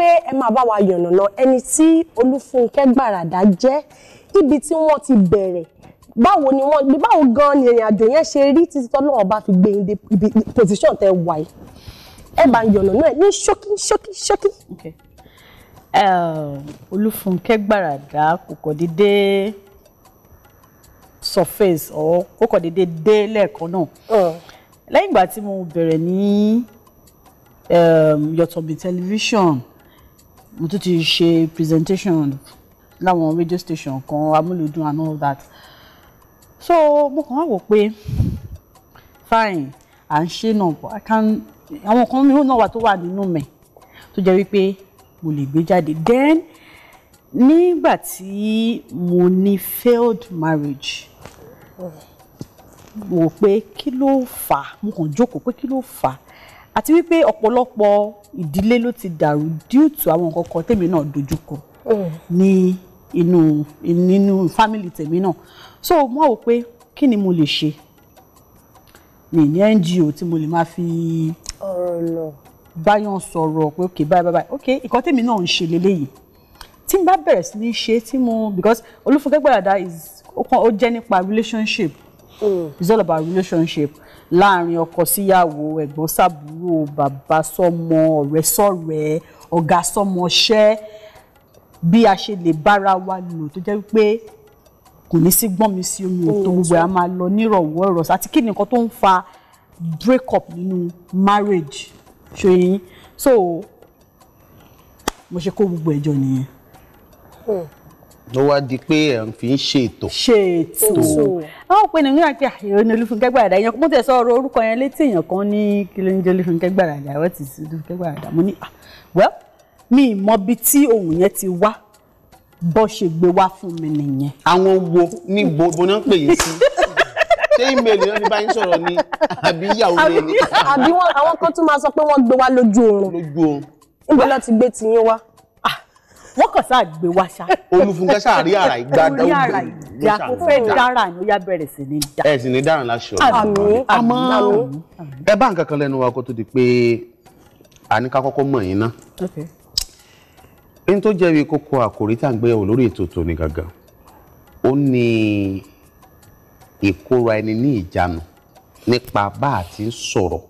pé ẹ máa bá wa yànnàná ẹni tí Olúfúnkẹ́ Gbàràdá jẹ́ ibi tí wọ́n ti bẹ̀rẹ̀ báwo ni wọ́n báwo gan ni ìrìn àjò yẹn ṣe rí títí tọ́lọ́wọ́ bá fi gbé ibi position tẹ wà yìí ẹ bá yànnàná ẹ ní ṣókí ṣókí ṣókí. Olúfúnkẹ́ Gbàràdá kò kọ́ dédé surface ọ̀ kò kọ́ dédé dé lẹ́ẹ̀kan náà hmm. lẹ́yìn ìgbà tí mo bẹ̀rẹ̀ ní um, Yọ̀tọ̀mí mo tún ti ṣe presentation láwọn radio station kan amúlùdún and all that so mo kàn wá wò pé fine à ń ṣe náà but i can àwọn kan mìíràn náà wà tó wà nínú mẹ tó jẹ́ wípé mo lè gbé jáde then nígbà tí mo ní failed marriage mo wò pé kí ló fà á mo kàn jókòó pé kí ló fà àti wípé ọ̀pọ̀lọpọ̀ ìdílé ló ti dàrú due to àwọn nǹkan kan tèmi náà dojúkọ mm. ní inú nínú family tèmi náà so mo wò pé kí ni mo lè ṣe mi ní NGO tí mo lè máa fi ọ̀rọ̀ lọ báyọ̀ sọ̀rọ̀ pé ok báyìí báyìí ok nǹkan tèmi náà ń ṣe leléyìí tí n bá bẹ̀rẹ̀ sí ní ṣe tí mo because Olúfúnkẹ́ Gbàdàdá is ó jẹ́ nípa relationship mm. it's all about relationship láàrin ọkọ síyàwó ẹ̀gbọ́n sàbúrò bàbá sọ́mọ ọ̀rẹ́ sọ̀rẹ́ ọ̀gá sọ́mọṣẹ́ bí a ṣe lè bára wa lò tó jẹ́ wípé kò ní sí gbọ́n mi sí omi òtó gbogbo a máa lọ nírọ̀wọ́ ìrọ̀sẹ̀ àti kí ni tó ń fa break up nínú marriage ṣòyìn so mo ṣe kó gbogbo ẹjọ́ nìyẹn. Hmm ló wá di pé ẹ̀ ń fi ń ṣe ètò. ṣe ètò àwọn òpin nàìjíríà pé àyẹ̀wò ní Olúfúnkẹ́ Gbàràdà èèyàn mo tẹ̀ sọ ọ̀rọ̀ orúkọ yẹn létí èèyàn kan ní kí ló Olúfúnkẹ́ Gbàràdà wọ́n ti sí Olúfúnkẹ́ Gbàràdà mo ní ah, well mi ì mọ ibi tí ohun yẹn ti wá bó ṣe gbé wá fún mi nìyẹn. àwọn wo ní gbogbo náà pè yín sí ṣé ìmẹ̀lì náà fi bá yín sọ̀rọ̀ ni àbí ìyàwó rẹ̀ ni. àbí àwọn kan tún máa sọ pé wọ́n gbé wá lójú oorun. lójú oorun. níbo wọ́n kàn sáà gbé wá ṣá. olùfúnkẹ́ sàárì àrà ìgbà dáwọ́ àrà ìgbà kò fẹ́ dára ni ó yá bẹ̀rẹ̀ sí ní dá. ẹ sì ní dára láṣọ. àmín àmọ́ ẹ bá nǹkan kan lẹ́nu wa kó tó di pé a ní ká kọ́kọ́ mọ̀ yín ná. n tó jẹ́ bí kókó àkòrí tá à ń gbé yẹ̀wò lórí ètò tòní gangan ó ní ìkóra ẹni ní ìjánu nípa bá a ti ń sọ̀rọ̀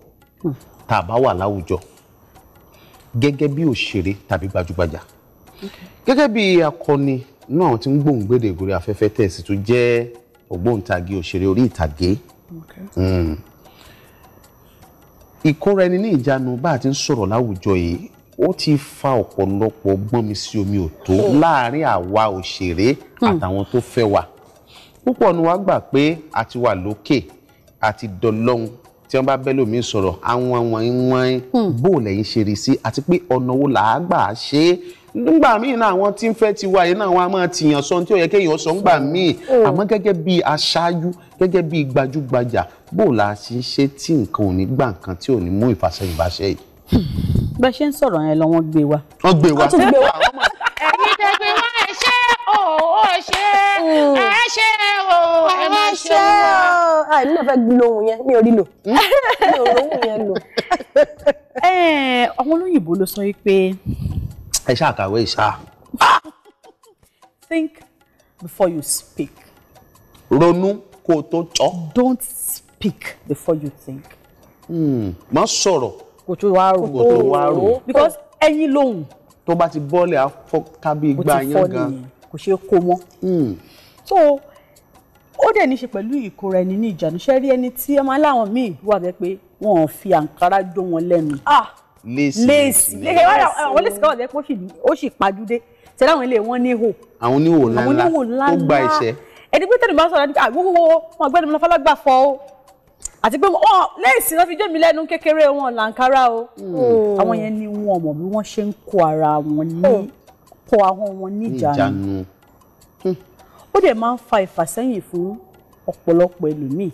hmm. tá a bá wà láwùjọ gẹ́gẹ́ bí òṣèré tàbí gbajúgbajà gẹ́gẹ́ bí akọni náà àwọn tí ń gbòǹgbèdè ìgòrè afẹ́fẹ́ tẹ̀sí tó jẹ́ ògbóǹtagì òṣèré orí ìtàgé hmm. ìkóra ẹni ní ìjánu bá a ti ń sọ̀rọ̀ láwùjọ yìí ó ti fa ọ̀pọ̀lọpọ̀ gbọ́n mi sí omi òtó oh. láàrin àwa òṣèré hmm. àtàwọn tó fẹ́ wa púpọ̀ ni wàá gbà pé a ti wà lókè a ti dọlọ́hun tí wọ́n bá bẹ́ lómi sọ̀rọ̀ àwọn àwọn ìwọ̀n hmm. bó lẹ́yìn ṣe rí sí àti pé ọ̀nà wo làá gbà ṣe é nígbà míì náà àwọn tí ń fẹ́ ti wáyé náà wọn a máa tìyàn sọ tí ó yẹ kéèyàn sọ ńgbà míì hmm. àmọ́ gẹ́gẹ́ bí aṣáájú gẹ́gẹ́ bí gbajúgbajà bó la ṣe ń ṣe tí nǹkan ò ní gbà nǹkan tí ò ní mú ìfàsẹ́yìn bá ṣe yìí. bẹ́ẹ̀ ṣe ń sọ̀rọ̀ yẹn lọ wọ́n gbé wa. wọ́n gbé wa ẹ̀yin tẹ̀gbẹ́ wá ẹ ṣe o ò ṣe ẹ ṣe o ẹ ṣe o. àìní náà fẹ́ lóhùn yẹn mi ò rí lò hmm? mi ò lóhùn yẹn lò. àwọn olóyìnbó ló sọ wípé ẹ ṣáà kàwé ìṣá. think before you speak. ronú kó o tó tọ́. don't speak before you think. Hmm, má sọ̀rọ̀ kò tó wá rò kò tó wá rò because ẹyin lòun. tó bá ti bọ́ọ̀lì àfọ́kábí gbá yẹn gan. kò ṣeé kó mọ́. Hmm. so ó dẹ̀ ní í ṣe pẹ̀lú ìkóra ẹni ní ìjánu ẹni tí ọmọ aláwọn míì wà bẹ́ẹ̀ pé wọ́n fi àǹkárá jó wọn lẹ́nu. ah léèsì léèsì léèsì àwọn léèsì káwọn lẹ́kọ́ sì ó sì pàdúdé ṣe láwọn ilé wọn níhò àwọn oníhò ńláńlá tó gba ẹ̀ṣẹ́ ẹni pé tẹnumọ́ sọ̀rọ̀ ẹni pé wo wọn gbẹ́ni mi lọ́fọ́lá gbà fọ́ o àti pé wọn léèsì náà fi jẹ́ mi lẹ́nu kékeré wọn làǹkárá o hmm. oh. àwọn yẹn ni wọn mọ̀ bí wọ́n ṣe ń kó ara wọn ní oh. kó ahọ́n wọn níjànú hmm. ó dẹ̀ máa ń fa ìfàsẹ́yìn fún ọ̀pọ̀lọpọ̀ ẹlòmíì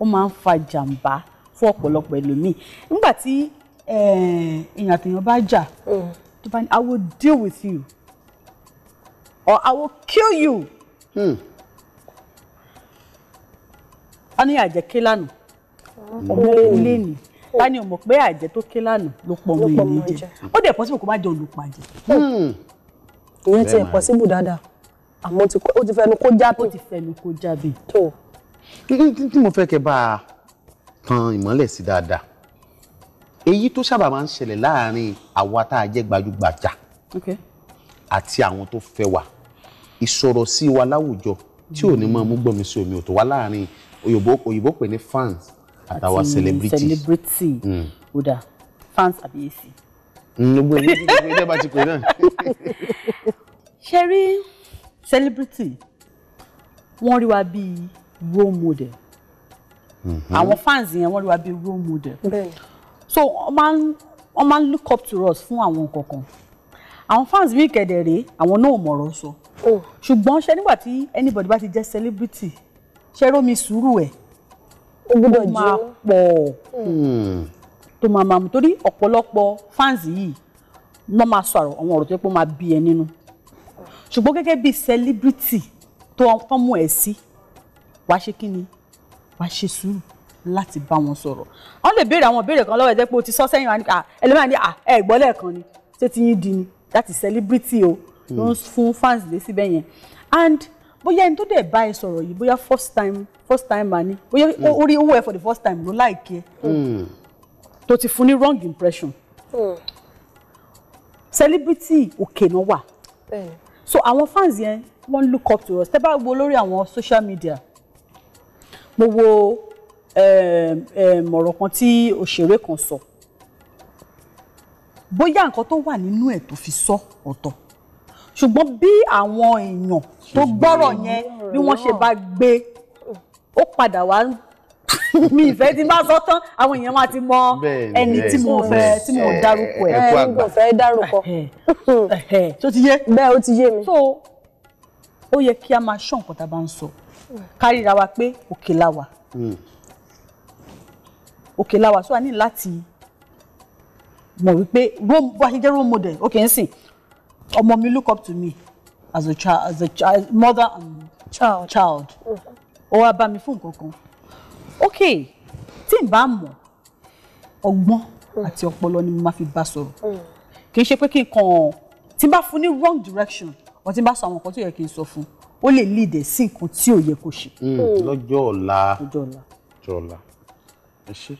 ó máa ń fa jàǹbá fún ọ̀pọ̀lọpọ̀ ẹlòmíì nígbà tí Eh, èèyàn àtèèyàn bá jà mm. tó bá ní i will deal with you or i will kill you. Hmm. wọ́n ní àjẹ́ ké lánàá mm. ọmọ ilé ni ta ni ọmọ pé àjẹ́ tó ké lánàá ló pọ̀ ọmọ ènìyàn jẹ ó dẹ̀ possible kó má jẹ olùpàjẹ́. Hmm. ìyẹn ti ẹ̀ possible dáadáa àmọ́ ó ti fẹnu kó jábì. ó ti fẹnu kó jábì. tí mo fẹ́ kẹ́ bá a tan ìmọ́lẹ̀ sí dáadáa èyí tó sábà máa ń ṣẹlẹ̀ láàrin àwa tá a jẹ́ gbajúgbajà àti àwọn tó fẹ́ wa ìsọ̀rọ̀ sí wa láwùjọ tí ò ní máa mú gbọ́n mi sí omi òtò wá láàrin òyìnbó òyìnbó pè ní fans àtàwọn celebrities celebrity hmm. ó fans àbí èsì. Hmm, gbogbo ẹni gbogbo ẹni bá ti pè náà. ṣe rí celebrity wọ́n rí wa bíi role model hmm. àwọn fans yẹn wọ́n rí wa bíi role model. bẹ́ẹ̀ so wọ́n máa ń look up to us fún àwọn nǹkan kan àwọn fans mi kẹ̀dẹ̀ rèé àwọn náà mọ̀rọ̀ sọ ṣùgbọ́n ṣe nígbà tí anybody bá ti jẹ́ celebrity ṣe rómi sùúrù ẹ̀ ó máa pọ̀ hmm. tó máa máa mú torí ọ̀pọ̀lọpọ̀ fans yìí wọ́n máa sọ àwọn ọ̀rọ̀ tó yẹ pé máa bí ẹ nínú ṣùgbọ́n gẹ́gẹ́ bí celebrity tó fọ́n mú ẹ̀ sí wàá ṣe kí ni wàá ṣe sùúrù láti bá wọn sọ̀rọ̀ wọ́n lè béèrè àwọn ìbéèrè kan lọ́wọ́ ẹ̀jẹ̀ pé o ti sọ sẹ́yìn wa ni ẹlẹ́mìíràn ni ẹ gbọ́ lẹ́ẹ̀kan ni ṣé ti yín di ni that is celebrity o ló hmm. ń fún fans dé síbẹ̀ yẹn and bóyá ẹni tó dẹ̀ bá ẹ sọ̀rọ̀ yìí bóyá first time first time mà ní bóyá ó hmm. rí owó ẹ for the first time ló láìkí ẹ hmm. tó ti fún ní wrong impression celebrity òkè náà wà so àwọn fans yẹn wọ́n look up to us tẹ́ bá wo lórí àwọn social media mo wo Um, um, ọ̀rọ̀ kan tí òṣèré kan sọ bóyá nǹkan tó wà nínú ẹ̀ tó fi sọ ọ̀tọ̀ ṣùgbọ́n bí àwọn èèyàn tó gbọ́rọ̀ yẹn bí wọ́n ṣe bá gbé ó padà wá mi ìfẹ́ ti máa sọ tán àwọn èèyàn máa ti mọ ẹni tí mo fẹ́ tí mo dárúkọ ẹ̀ ẹ̀ mo fẹ́ dárúkọ tó ti yé bẹ́ẹ̀ ó ti yé mi. so ó yẹ kí a máa ṣọ́ nǹkan tá a bá ń sọ káríra wa pé òkè la wà hmm òkè la wà so a ní láti mọ̀ wípé role bó a ṣe jẹ́ role model òkè ń sìn ọmọ mi look up to me as a child as a child mother and child child ó wá bá mi fún nǹkan kan ok tí n bá mọ̀ ọgbọ́n àti ọpọlọ ni mo máa fi bá sọ̀rọ̀ mm. kì í ṣe pé kí n kàn tí n bá fún ní wrong direction wọ́n ti bá sọ àwọn nǹkan tó yẹ kí n sọ fún un ó lè lead ẹ̀ sí nǹkan tí ò yẹ kó ṣe. Mm, mm. lọ́jọ́ ọ̀la lọ́jọ́ ọ̀la. 是。